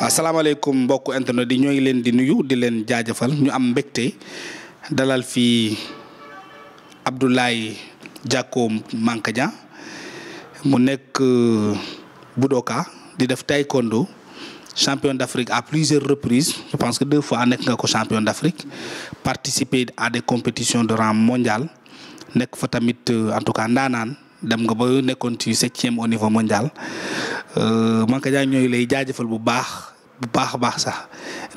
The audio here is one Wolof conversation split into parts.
asalaamaaleykum mbokk internet di ñoo ngi leen di nuyu di leen jaajëfal ñu am mbégte dalal fii Abdoulaye Diacko Mankadiang mu nekk euh, budoka di def taekwondo champion d'Afrique à plusieurs reprises je pense que deux fois nekk nga ko champion d'Afrique participer à des compétitions de rang mondial nekk fa tamit euh, en tout cas ndaanaan dem nga ba nekkoon ci septième au niveau mondial euh, Mankadiang ñooy lay jaajëfal bu baax bu baax a baax sax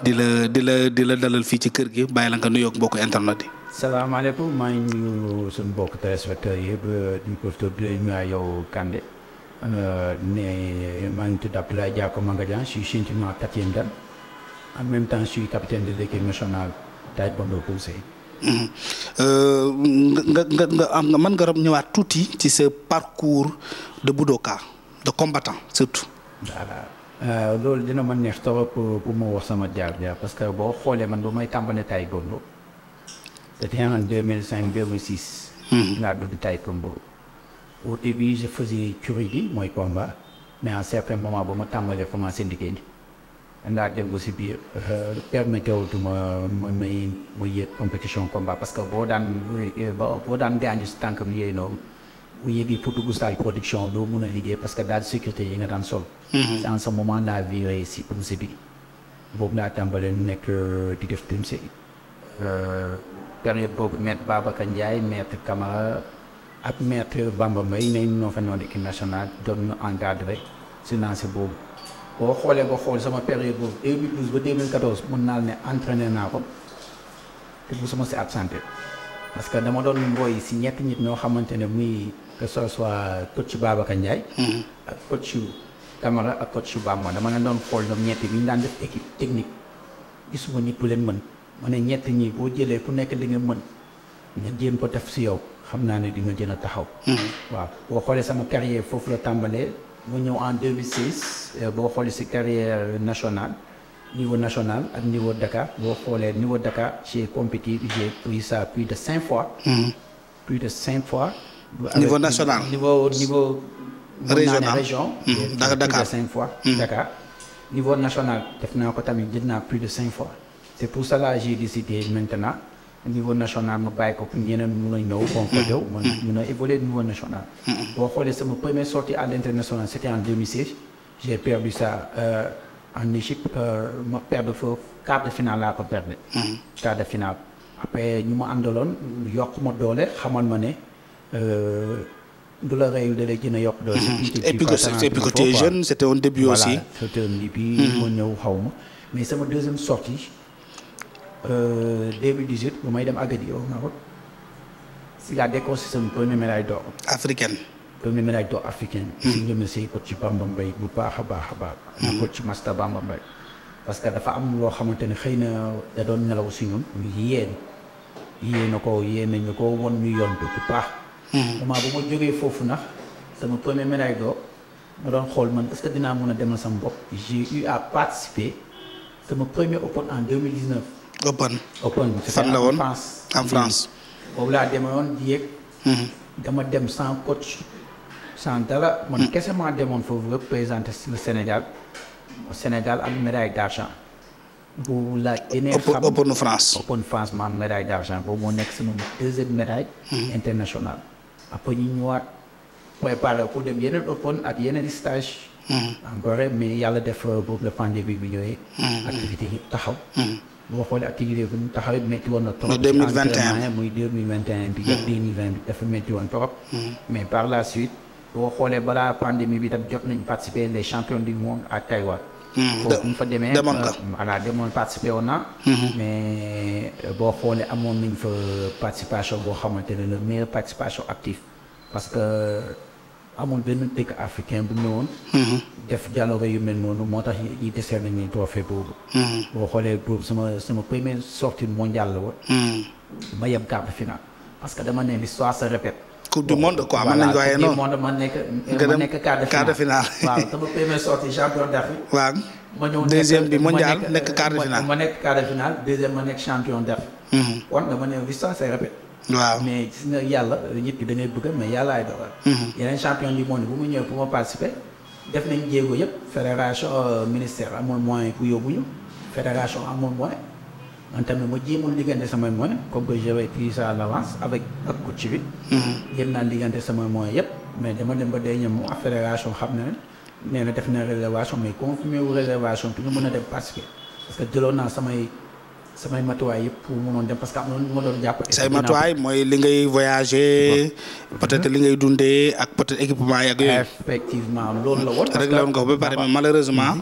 di la di la di la dalal fii ci kër gi bàyyi la nga nuyoog mbokku internet yi. salaamaaleykum maa ngi nuyu suñu mbokk téléspectateurs yëpp di ko tudd di nuyu yow Kande euh, ne maa ngi tudd Abdoulaye Diako nga je suis chinois quatrième dan en même temps je suis capitaine de l'équipe nationale taekwondo conseil. Mm-hmm. Euh, nga nga nga am nga mën nga ñëwaat tuuti ci sa parcours de judoka de combattant surtout. Euh, loolu dina ma neex trop bu ma wax sama jaar-jaar parce que boo xoolee man bu may tàmbali taekwondo c'était en 2005 2006. laa dugg taekwondo. au début je faisais curigi mooy combat mais à un ma tàmbalee commencé liggéey ndaa dem si biir euh, permettre wutuma ma may ma yëg compétition combat parce que boo daan euh, boo daan gaañu si tànk bi yooyu noonu. bu yéegi pour dugg stage production doo mun a liggéey parce que daal sécurité yi nga daan sol mhm. c'est en ce moment la vie si pomse bi boobu naa tàmbalee mu nekk euh, di def pomse euh, période boobu maître Babacar Ndiaye maître Camara ak maître Bamba Mbaye ne ñoo fa noonu équipe nationale doon ñu encadré si lancé boobu boo xoolee ba xool sama période boobu 2012 ba 2014 mun naa ne entraîné naa ko te bu sama si absenté parce que dama doon mbooy si ñetti nit ñoo xamante ne muy que ce soit coach Babacar Ndiaye. Mm-hmm. ak coach Camara ak coach Bamba dama leen doon xool ñoom ñetti bi ñu daan def équipe technique gisuma nit bu leen mën ma ne ñett ñi boo jëlee ku nekk li nga mën nga jéem ko def si yow xam naa ne di nga gën a taxaw. Mm-hmm. waaw boo xoolee sama carrière foofu la tàmbalee mu ñëw en 2006 eh, boo xoolee si carrière national niveau national ak niveau Dakar boo xoolee niveau Dakar j'ai compétit j'ai pris ça plus de cinq fois. Hmm. plus de cinq fois. niveau national niveau niveau. régional région. Hmm. Dakar plus de cinq fois. Hmm. def naa ko tamit jël naa plus de cinq fois. c'est pour cela j'ai décidé maintenant niveau national ma bàyyi ko pour ñeneen mun a ñëw. bon ko jëw mun mun a évoluer niveau national. boo xoolee sama première sortie à l'international c'était en 2016 perdu ça. Euh, am en Égypte euh, ma de foofu quart de finale laa ko perdre. Mhm. quart de finale. après ñu ma àndaloon yokk ma doole xamal ma ne euh, du la reyul da lay gën a yokk doole. Mhm. et puis que et puis que tu es jeune c'était un début aussi. voilà c'était mhm. ma ñëw xaw ma mais sama deuxième sortie 2018 euh, bu may dem Agadir au Maroc si la décroché sama première médaille d'or africaine. doomu ménage doo africain hmm. si ngeme sey ko ci Bamba bu baax a baax a baax naa hmm. ko ci master Bamba Mbaye parce que dafa am loo xamante ne xëy na da doon nelaw si ñun yéen yée na ko yée nañu ko won ñu yoon bu baax hmm. moment bu ma jógee foofu nag sama premier ménage doo ma doon xool man est-ce que dinaa mën a demal sama bopp j'ai eu à participer sama premier open en 2019 open open fan la woon en France boobu laa demoon di yéeg dama dem sans coach sans dara man kese maa demoon foofu représenter le Sénégal au Sénégal am médaille d'argent bu la Guinée xam Open France Open France ma am médaille d'argent boobu moo nekk sama deuxième médaille mm-hmm. internationale après ñu ñëwaat préparé pour dem yeneen Open ak yeneen stage mm-hmm. encore mais yàlla def euh, boobu la pandémie bi ñooy mm-hmm. activité yi taxaw boo xoolee activité bi ñu taxaw it métti woon na trop. muy muy deux bi. ak deux mille vingt mais par la suite. boo xoolee balaa pandémie bi tam jot nañ participer les champions du monde à Taïwan. Hmm. foofu mu fa demee demoon nga euh, voilà demoon participer woon na. Hmm. mais boo xoolee amoon nañ fa participation boo xamante ne la meilleure participation active parce que amul benn dëkk africain bu ñëwoon. Hmm. def dialogue yu mel noonu moo tax yi desee nañu trophée boobu. boo xoolee boobu sama sama première sortie mondiale la woon. ma yem quart de finale parce que dama ne l'histoire se répète. coupe du monde quoi mën nañu ko noonu monde nekk ma nekk quart de finale waaw sama premier sortie champion d'Afrique waaw ma ñëw deuxième bi mondial nekk euh, quart de finale ma nekk quart de finale deuxième ma nekk champion d'Afrique mhm. kon dama ne l'histoire se répète waaw mais gis nga yàlla nit ki da ngay bëgg mais yàlla ay dogal mhm. yeneen champion du monde bu mu ñëwee pour ma participer def nañ jéego yëpp fédération euh, ministère amul moyen pour yóbbu ñu fédération amul moyen man tamit ma jéemoon liggante samay moyens comme que j'avais pris ça à avec ak coach bi. jéem mm-hmm. naa liggante samay moyens yëpp. mais dama dem ba day ñëw mu fédération xam na ne nee na def na réservation mais confirmé wu réservation pour mën a dem participer parce que jëloon naa samay samay matuwaay yëpp pour mënoon dem parce que am na ñu ma doon jàpp. say matuwaay mooy li ngay voyager. Mm-hmm. peut-être li ngay dundee ak peut-être équipement yeeg yooyu. effectivement loolu la woon. rek la woon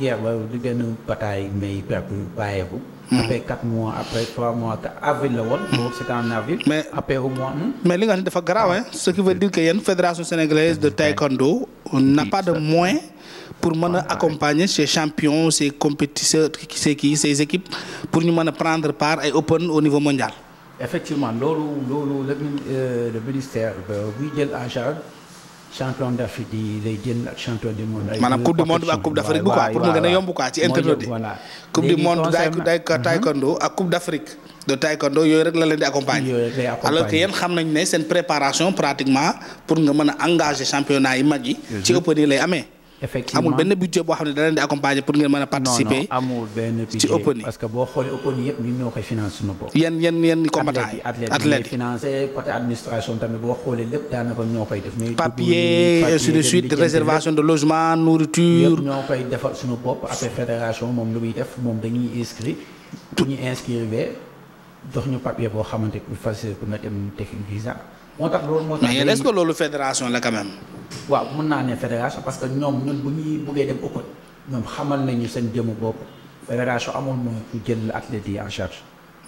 yeewa di benn bataille mais bàyyeeku. Hmm. après 4 mois après 3 mois avril la woon. boobu c' est mais après au mois. Hmm. mais li nga xam ne dafa garaaw ce qui veut dire que yéen fédération sénégalaise de taekwondo n'a pas de moyens pour mën a accompagner ces champions ces compétiteurs équipes pour ñu mën a prendre part ay open au niveau mondial. effectivement loolu loolu le euh, ministère euh, buy jël en charge. champion d'Afrique yi day génn ak champion du monde. maanaam coupe du monde bi ak coupe d'Afrique bi quoi pour mu gën yomb quoi ci internet yi. coupe du monde day hmm? taekwondo ak coupe d'Afrique de taekwondo yooyu rek la leen di accompagner. alors que yéen xam nañ ne seen préparation pratiquement pour nga mën a engager championnat yi mag yi. Mhm. ci ëpp nii lay amee. effectivement amul benn budget boo xam ne da leen di accompagner pour ngeen mën a participer. amul benn budget ci open yi parce que boo xoolee open yi yëpp ñun ñoo koy financé suñu bopp. yéen yéen yéen combattant yi athlète yi financé côté administration tamit boo xoolee lépp daanaka ñoo koy def. papier ainsi de suite ñoo koy defal suñu bopp après fédération moom lu muy def moom dañuy inscrit bu ñu inscrire jox ñu papier boo xamante ni bu nga dem tekki visa. moo tax loolu moo tax. mais est loolu fédération la quand même. waaw mën naa ne fédération parce que ñoom ñun bu ñuy buggee dem open ñoom xamal nañu seen jëmu bopp fédération amul moom ku jël athlètes yi en charge.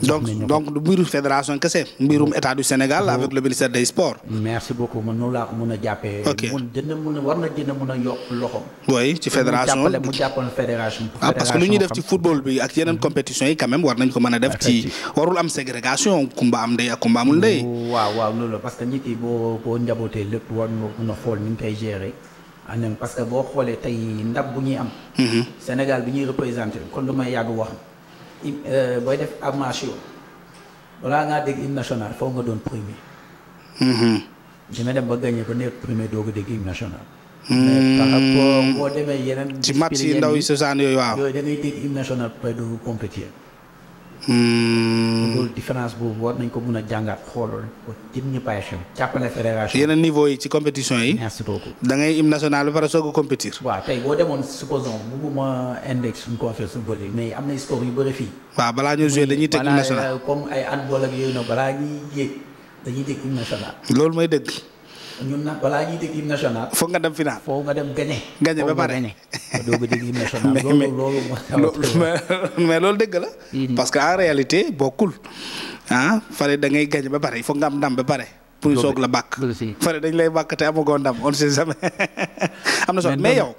donc donc du mbiru fédération kese mbirum état du Sénégal avec le ministère des sports. merci beaucoup man noonu laa ko mën a jàppee. ok mun mun war na dina mun a yokk loxoom. oui ci fédération mu jàppale fédération. Ah, parce que lu ñuy def ci football bi ak yeneen compétitions yi quand même war nañ ko mën a def ci. warul am ségrégation kumba am ndey ak kumba amul ndey. waaw waaw loolu parce que nit yi boo boo njabootee lépp war nga mun a xool ni ñu koy gérer. anam ah, parce que boo xoolee tey ndab bu ñuy am. Mhm. Sénégal bi ñuy représenté kon lu may yàgg wax. E, booy def ab marché yow ngaa dégg hymne national foog nga doon premier. Mm-hmm. dina dem ba gagné ba nekk premier doog a dégg hymne national. Mm-hmm. mais par rapport boo demee yeneen. ci match yi ndaw yi sosaan yooyu waaw. yooyu da dégg hymne national ba doog compétir. Hmm. loolu différence boobu war nañ ko mun a jàngaat xoolal ko jëm ñu bàyyi xel jàppale fédération yeneen niveau yi ci compétition yi merci beaucoup da ngay hymne national ba pare soog a compétir waaw tey boo demoon supposons bugguma index suñ ko waxee suñ bëri mais am na sport yu bëri fii waaw balaa ñoo joué dañuy teg hymne national euh, comme ay handball ak yooyu noonu balaa ñuy yéeg dañuy teg hymne national loolu mooy dëgg ñun nag balaa national. foog nga dem final. foog nga dem gagné. gagné ba pare foog nga dégg hymne national. loolu loolu mais loolu dëgg la. parce que en réalité bokkul ah fale da ngay gagné ba pare il foog nga am ndam ba pare. pour soog la bàkk. fare dañ lay bàkk te amagoo ndam on sait jamais am na solo mais yow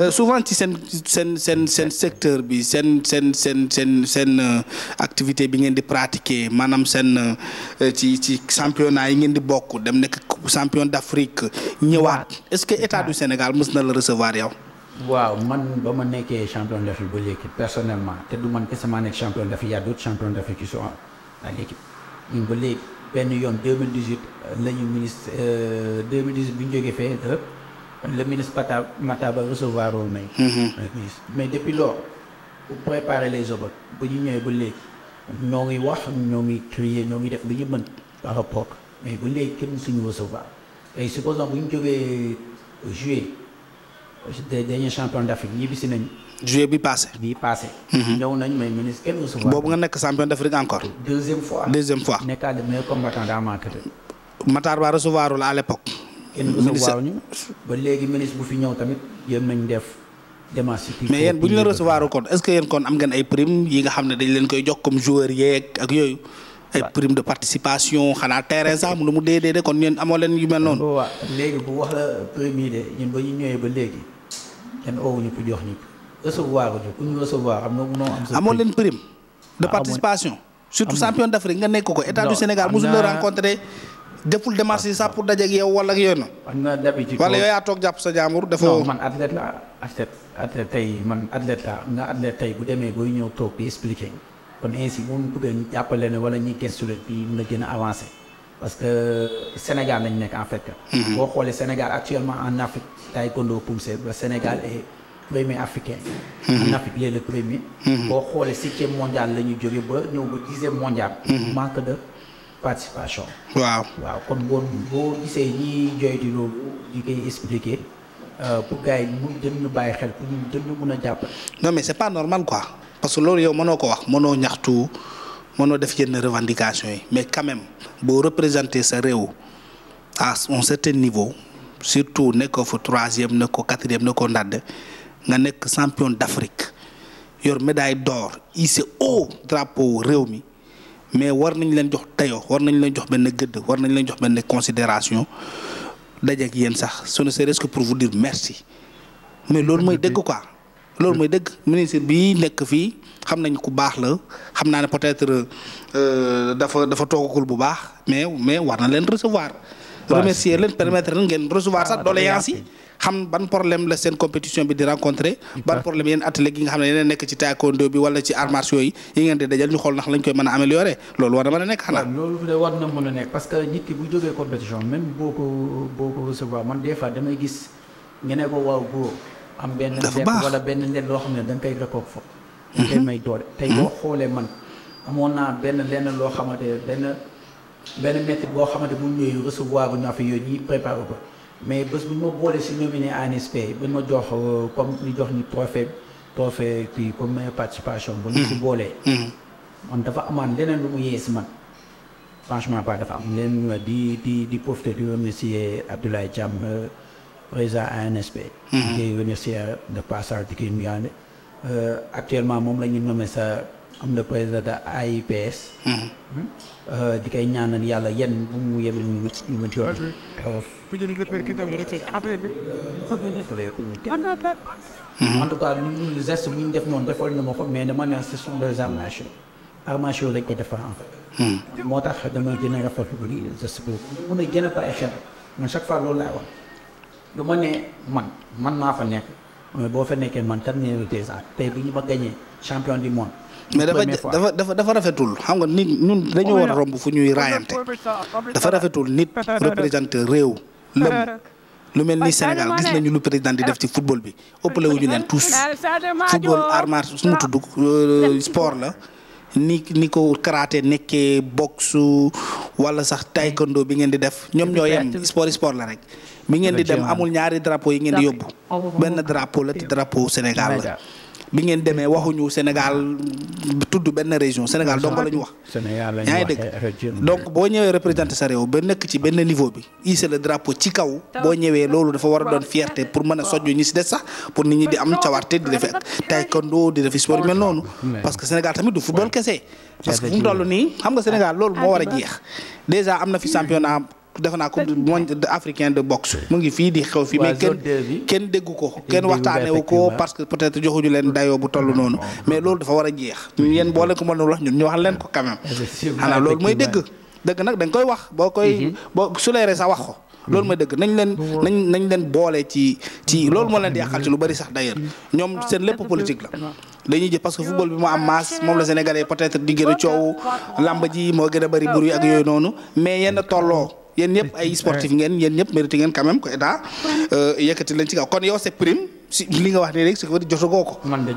euh, souvent ci seen seen seen seen secteur bi seen seen seen seen seen euh, activité bi ngeen di pratiquer maanaam seen euh, ci ci championnat yi ngeen di bokk dem nekk champion d'Afrique ñëwaat est-ce que état du Sénégal mës na la recevoir yow. waaw man ba ma nekkee champion d'Afrique ba léegi personnellement te du man kese maa nekk d'Afrique y a d'autres champions d'Afrique qui sont benn yoon 2018 euh, la ñu ministre 2018 euh, bi ñu jógee fee euh, le ministre Pata Mataba recevoir woon nañ. Mm-hmm. mais depuis lors pour préparer les oeuvres bu ñu ñëwee ba léegi ñoo ngi wax ñoo ngi crier ñoo ngi def lu ñu mën par rapport mais ba léegi kenn suñu recevoir et supposons bu ñu jógee juillet des derniers champions d'Afrique ñibbisi nañ. juillet bi passé. bii passé. Mhm. ñëw nañ may ministre kenn recevoir. boobu nga nekk champion d'Afrique encore. deuxième fois deuxième fois. nekkaat le meilleur combattant daa manqué te. Matar Ba recevoir la à l'époque. ba léegi ministre bu fi ñëw tamit yëm nañ def. mais yéen bu ñu la recevoir kon est-ce que yéen kon am ngeen ay prime yi nga xam ne dañ leen koy jox comme joueur yeeg ak yooyu. ay prime de participation xanaa terrain sax lu mu dee dee de kon ñeen amoo leen yu mel noonu. waaw léegi bu wax la prime ba ñu ñëwee ba léegi kenn oowuñu ko jox ñu recevoir ñu ku ñu recevoir am na am sa amoon leen prime de ah, participation surtout champion d'Afrique nga nekk ko état du Sénégal mosul la rencontré deful démarche yi sax pour dajeeg yow wala ak yooyu na wala yow yaa toog jàpp sa jaamur dafa man athlète la athlète tey man athlète la nga athlète tey bu demee booy ñëw toog di expliquer kon ainsi bu mu bëggee ñu jàppale ne wala ñuy gestu leen fii mën a gën a avancé parce que Sénégal lañ nekk en fait. Mhm. boo xoolee Sénégal actuellement en Afrique taekwondo poussé ba Sénégal premier africain. Mm-hmm. en Afrique il est le premier. Mm-hmm. boo xoolee septième mondial la ñu jógee ba ñëw ba dixième mondial. Mm-hmm. manque de participation. waaw waaw kon boo boo gisee ñiy joytu loolu ñu koy expliquer euh, pour gars yi mu dem bàyyi xel pour mun a jàpp. non mais c'est pas normal quoi parce que loolu yow mënoo ko wax mënoo ñaxtu mënoo def yenn revendication yi mais quand boo représenter sa réew a un certain niveau surtout nekkoo ko fa troisième ne ko quatrième ne ko ndàdd. nga nekk champion d'Afrique yor médaille door hissé haut drapeau réew mi mais war nañ leen jox tayoo war nañu leen jox benn gëdd war nañ leen jox benn considération dajeek yéen sax ce ne serait-ce que pour vous dire merci mais loolu mooy dëgg ko loolu mooy dëgg ministre bi nekk fii xam nañ ku baax la xam naa ne peut-être euh, dafa dafa toogagul bu baax mais mais war na leen recevoir remercier leen permettre leen ngeen recevoir sax ah, doléance yi xam ban problème la seen compétition bi di rencontrer ban ah. problème yeen atelier gi nga xam ne yeneen nekk ci taekwondo bi wala ci arts yi yi ngeen di dajal ñu xool ndax lañ koy mën a améliorer loolu war na mën a nekk xanaa loolu de war na mën a nekk parce waaw góor am benn lekk loo xam ne da nga koy foofu mhm. da koy may doole tey boo mhm. xoolee man amoon naa benn lenn loo xamante benn benn métier boo xamante bu ñu ñëwee recevoir ñoo fi yooyu ñuy préparé ko mais bés bu ñu ma boolee si nominé ANSP bu ñu ma jox euh, comme ñu jox ñu trophée trophée kii comme meilleure participation. bu ñu si mm-hmm. boolee. Mm-hmm. man dafa amaan leneen lu mu yee si man. franchement pas dafa am leen di di di profiter di remercier Abdoulaye Thiam euh, président ANSP mm-hmm. di remercier de passage di koy nuyaande euh, actuellement moom la ñu nommé sa am na président de AIPS. Hmm. Euh, di koy ñaanal yàlla yan bu mu yebal ñu mën ñu mën ci wax. Hmm. en tout cas lu geste bu ñu def noonu defoon na ma ko mais dama ne ce sont des arts martiaux. arts martiaux lañ ko defar en fait. Hmm. moo tax dama gën a rafetlu ba lii geste boobu. mun a gën a bàyyi xel man chaque fois loolu laay wax lu ma ne man man maa fa nekk mais boo fa nekkee man terminé le deux ans tey bi ñu ma gagné champion du monde. mais dafa dafa dafa rafetul xam nga nit ñun dañu war a romb fu ñuy raayante dafa rafetul nit représenté réew lëm lu mel ni Sénégal gis nañu lu président di def ci football bi ëppale ñu leen tous football arts martiaux su mu tudd euh, sport la ni ni ko karaté nekkee boxe wala sax taekwondo bi ngeen di def ñoom ñoo yem sport sport la rek bi ngeen di dem amul ñaari drapeau yi ngeen di yóbbu benn drapo la te drapeau Sénégal la bi ngeen demee waxuñu Sénégal tudd benn région Sénégal donc la ñu wax. Sénégal la ñu wax dégg eh, donc boo ñëwee représenté sa réew ba nekk ci benn niveau bi hisse le drapeau ci kaw boo ñëwee loolu dafa war a doon fierté pour mën a soññ ñi si des sax pour nit ñi di am cawarte di def ak taekwondo di def sport mel noonu. parce que Sénégal tamit du football kese. parce que fu mu toll nii xam nga Sénégal loolu moo war a jeex déjà am na fi championnat. defe naa coupe du monde africain de boxe mu ngi fii di xew fii mais kenn kenn déggu ko kenn waxtaanewu ko parce que peut-être joxuñu leen dayoo bu toll noonu mais loolu dafa war a jeex ñun yéen boo leen ko mënul ñu wax leen ko quand même xanaa loolu mooy dëgg nag dañ koy wax boo koy mhm. boo su leeree sax wax ko loolu mooy dëgg nañ leen nañ nañ leen boole ci ci loolu moo leen di yàqal ci lu bari sax d'ailleurs ñoom seen lépp politique la dañuy jël parce que football bi moo am masse moom la sénégalais peut-être di gën a coow làmb moo gën a bari bruit ak yooyu noonu mais yenn tolloo yéen ñëpp ay sportif ngeen yéen ñëpp mérité ngeen quand même ko état euh, yëkkati lañ ci kaw kon yow sa prime li nga wax nii rek su ko jotagoo ko. man de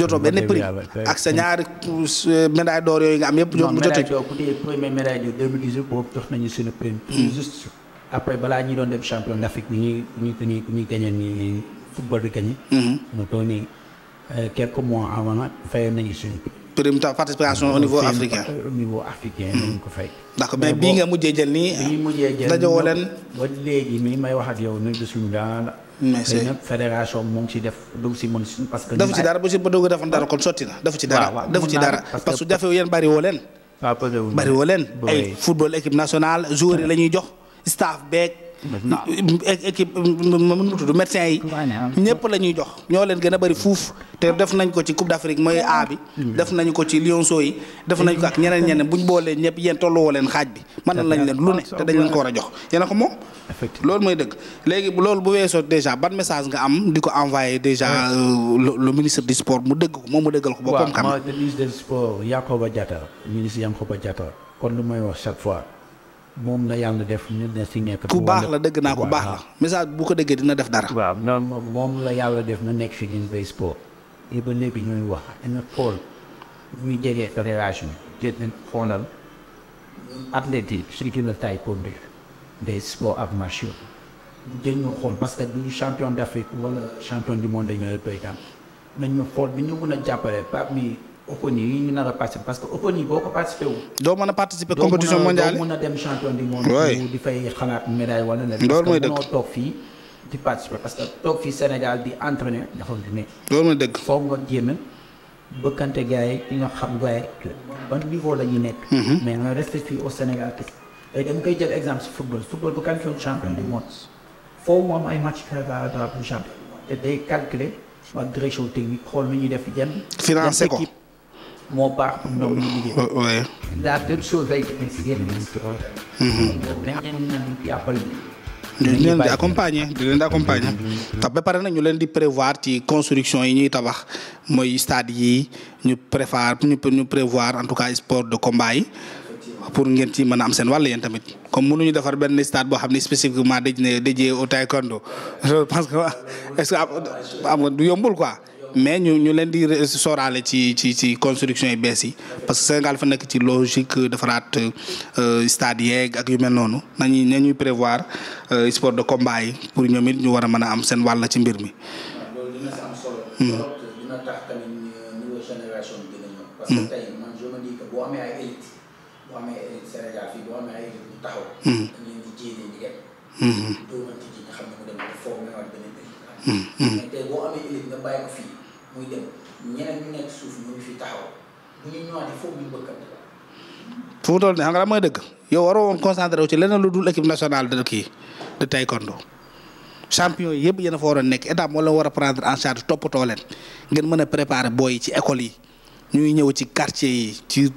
joto benn prime ak sa ñaari euh, médaille d'or yooyu nga am yëpp. mu jotee non médaille d'or premier médaille d'or 2018 boobu jox nañu suñu prime. Hmm. juste après balaa ñuy doon dem champion d'Afrique ñi ñuy ñuy ñuy gagné nii football di gagné. Hmm. mu toll nii euh, quelques mois avant fayoon nañu suñu prime. prime participation au niveau africain au niveau africain lañ hmm. ko fay. d'accord mais bii nga mujjee jël nii. bii leen. ba léegi nii may wax yow nag bisimilah la. mais c'est nag si def du si mën parce dara bu si bëgg a defoon dara kon sotti na. dafa ci dara dafa ci dara parce que jafe yéen bari woo leen. football équipe nationale joueurs yi la jox staff beeg. équipe mun mu tudd médecin yi ñëpp la ñuy jox ñoo leen gën a bëri fuuf te def nañ ko ci coupe d'Afrique mooy A bi def nañ ko ci Lionceaux yi def nañ ko ak ñeneen ñeneen buñ boolee ñëpp yéen tolluwoo leen xaaj bi man na lañ leen lu ne te dañ leen ko war a jox yéen a ko moom lool mooy dëgg léegi loolu bu weesoo déjà ban message nga am di ko envoyé déjà euh, lu ministre du sport mu dëgg ko moom mu dëggal ko boppam xam ministre du sport ba Diatta ministre Yankhoba Diatta kon lu may wax chaque fois moom la yàlla def ñu ne si nekk. ku baax la dëgg naa ko baax la. message bu ko déggee dina def dara. waaw non moom la yàlla def na nekk si ñun bay sport. et ba léegi ñuy wax na fool muy jege fédération bi. dina xoolal athlètes yi surtout la taille pondue des sports ak marché dañ ñu xool parce que du champion d' Afrique wala champion du monde dañu la béykat nañ bi ñu mën a jàppale parmi. open yi ñu nar participer parce que open yi boo ko participer wu. doo mën a participer compétition mondiale doo mën a dem champion du monde. waay di fay xalaat parce que toog fii di participer parce que toog a. loolu mooy dëgg foog nga jéem a bëkkante gars yi di nga la ñuy nekk. Mhm. mais nga resté fii au Sénégal kese. tey dama koy jël exemple si football football bu qualifié wu champion du monde foo mu am ay match préparatoires pour champion te day calculer ak direction technique xool nu ñuy def jëm. financé ko moo baax pour ñoom ñu liggéey. la di leen di accompagner di leen di ba pare nag ñu leen di prévoir ci construction yi ñuy tabax mooy stade yi ñu prévoir ñu prévoir en tout cas sport de combat yi pour ngeen ci mën a am seen wàll yéen tamit comme ñu defar benn stade bo xam ne spécifiquement daj ne déjee au taekwondo je pense que est-ce que am du yombul quoi. mais ñu ñu leen di sooraale ci ci ci construction yi bees yi parce que Sénégal fa nekk ci logique defaraat euh, stade yeeg ak yu mel noonu nañuy nañuy prévoir euh, sport de combat pour ñoom it ñu war a mën a am seen wàll ci mbir mi. muy dem ñeneen ñu nekk suuf fu mu toll nii xam nga la dëgg yow waroo woon concentré wu ci leneen lu dul équipe nationale de kii de taekwondo champion yi yëpp yéen foo fa nekk état moo la war a prendre en charge toppatoo leen ngeen mën a préparer booy ci école yi. ñuy ñëw ci quartier yi ci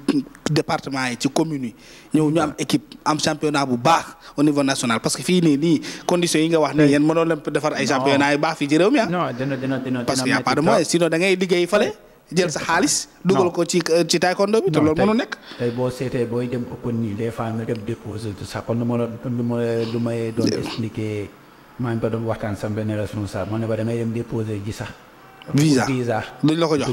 département yi ci commune yi ñëw ñu am équipe am championnat bu baax au niveau national parce que fii nii nii condition yi nga wax nii yéen mënoon leen defar ay championnat yu baax fii ci réew mi ah. non parce que y' a pas de sinon da liggéey fale jël sa xaalis. dugal ko ci ci taekwondo bi. te loolu mënu nekk. tey boo seetee booy dem open nii des fois nga dem déposer sax kon lu ma lu may doon expliquer maa ngi ko doon waxtaan sama benn responsable ma ne ba damay dem déposer sax. visa duñ la ko jox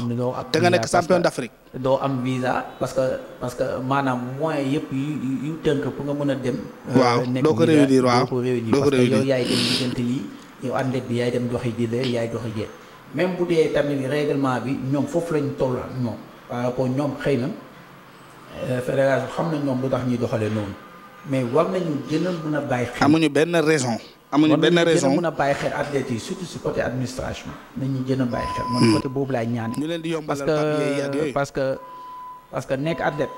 te nga nekk champion d'Afrique. doo am visa parce que parce que maanaam moyen yëpp yu yu tënk pour nga mën a dem. Euh, waaw doo ko réunir waaw doo ko réunir parce que yow yaay dem diggante lii yow athlète bi yaay dem doxi ji lee yaay doxi jee même bu dee tamit règlement bi ñoom foofu lañ toll ak ñoom. par ñoom xëy na euh, fédération xam na ñoom lu tax ñuy doxalee noonu mais war nañu gën a mën a bàyyi. amuñu benn raison. amuñu benn raison mën a bàyyi xel athlètes yi surtout si côté administration nañu gën a bàyyi xel man hmm. côté boobu laay ñaan ñu leen di yombalal papier yi parce que parce que nekk athlète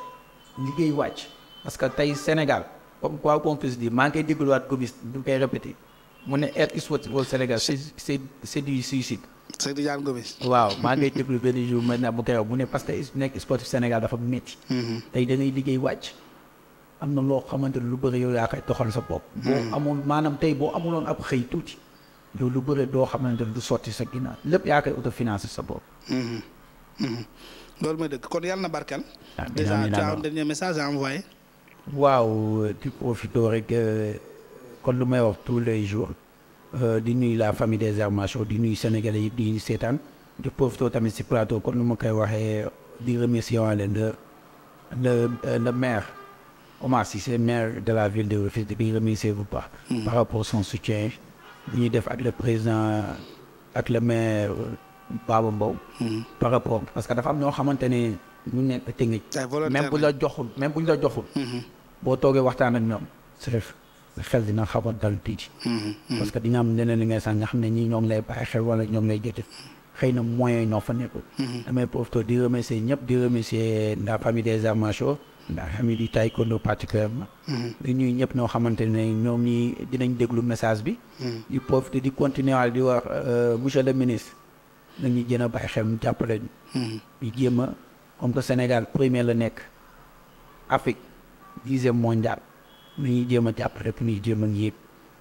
liggéey wàcc parce que tey Sénégal comme quoi qu'on puisse dire maa ngi koy dégluwaat Gomis du koy répété mu ne air sport au Sénégal c'est c'est c'est du suicide Gomis waaw maa ngi koy déglu benn jour maintenant bu koy wax mu ne parce que nekk sportif Sénégal dafa métti hmm. tey da ngay liggéey wàcc am na loo xamante ne lu bëri yow yaa koy doxal sa bopp. boo hmm. amoon maanaam tey boo amuloon ab xëy tuuti yow lu bëri doo xamante ne du sotti sa ginnaaw lépp yaa koy autofinancé sa bopp. Hmm. Hmm. loolu mooy dëgg kon yàlla na barkeel. déjà tu as message à waaw di profité euh, rek kon euh, lu may wax tous les jours euh, di nuy la famille des arts di nuy sénégalais yi di seetaan di profité tamit si plateau kon nu ma koy waxee di remercier waale le le le maire. Omar Cissé maire de la ville de Rufisque bi remercier vous pas par rapport son soutien bu ñuy def ak le président ak le maire euh, Baba Mbow hmm. par rapport parce que dafa am ñoo xamante ne ñu nekk technique même bu la joxul même bu ñu la joxul boo toogee waxtaan ak ñoom sef xel xaw a dal tuuti hmm. Hmm. parce que dina am leneen li ngay sax nga xam ne ñii ñoom lay bàyyi xel wala ñoom lay jëte xëy na moyen ñoo fa nekkul damay profité di remercier ñëpp di remercier la famille des arts ndax Hamidou taekwondo particulièrement mm-hmm. ñuy ñëpp noo xamante ne ñoom ñi dinañ déglu message bi mm-hmm. di profité di continuer di wax euh, monsieur le ministre nañu jën a bàyyi xel mu jàppale ñu mm-hmm. di jéem a comme que Sénégal premier la nekk Afrique dixième mondial nañuy jéem a jàppale pour ñuy jéem a yéeg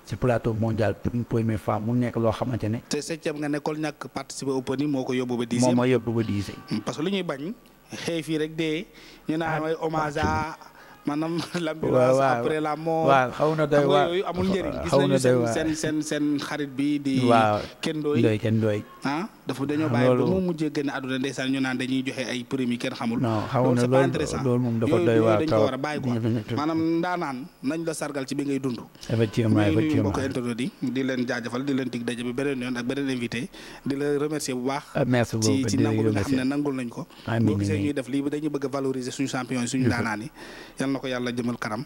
ci plateau mondial pour première fois mu nekk loo xamante ne te septième nga nekkoon ñàkk participer au PNI moo ko yóbbu ba dixième moo ma yóbbu ba dixième mm, parce que lu ñuy bañ xëy fii rek dee ñu naan may hommage à maanaam l'ambulance après la mort waaw xaw na doy waar yooyu amul njëriñ gis nañu seen seen seen seen xarit bi di waaw kenn dooy dooy kenn dooy ah dafa dañoo bàyyi ba mu mujjee génn àdduna ndeysaan ñu naan dañuy joxe ay prime yi kenn xamul non xaw na loolu intéressant loolu moom dafa doy waar dañ ko war a bàyyi quoi maanaam ndaanaan nañ la sargal ci bi ngay dund effectivement effectivement mbokk internet yi di leen jaajëfal di leen dig daje bi beneen yoon ak beneen invité di la remercier bu baax ah, merci beaucoup ci ci nangu bi nga xam ne nangul nañ ko boo gisee ñuy def lii dañuy bëgg a valoriser suñu champion yi suñu ndaanaan yi na ko yàlla jëmal kanam.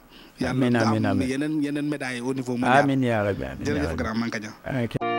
amiin amiin yàlla yeneen yeneen médailles au niveau mondial. amiin yaa rabbi amiin